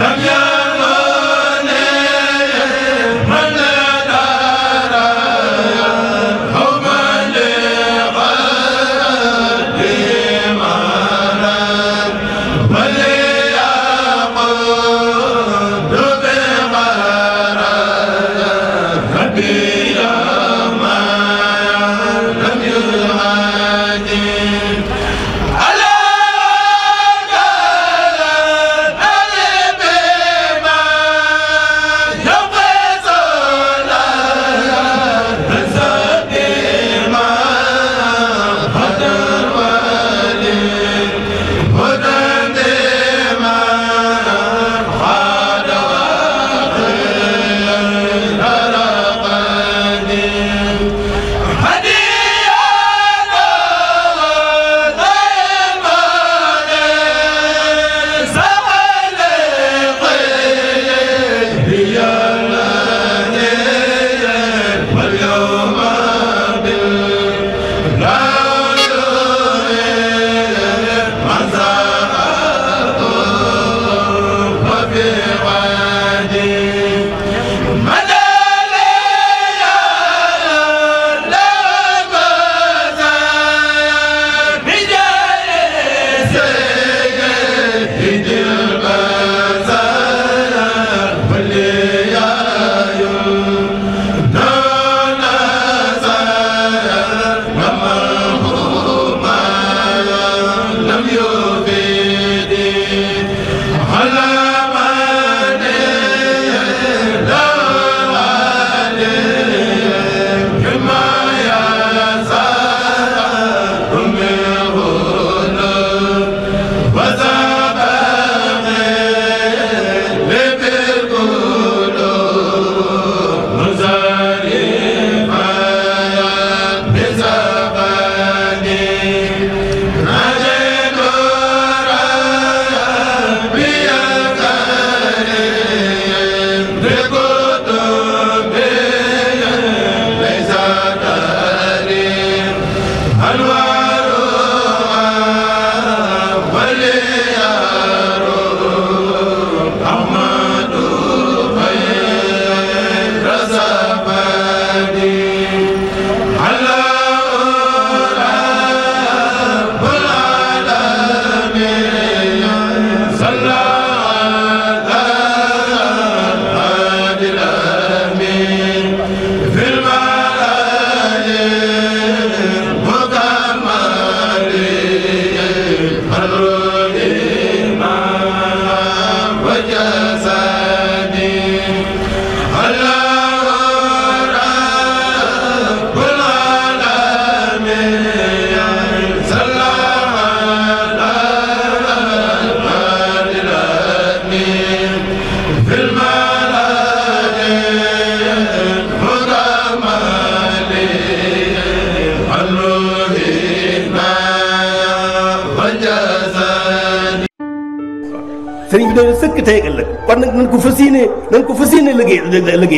lam ya sëriñ bi daal sëkk tey ak ëllëg kon nag nañ ko fas yéenee nañ ko fas yéenee liggéey liggéey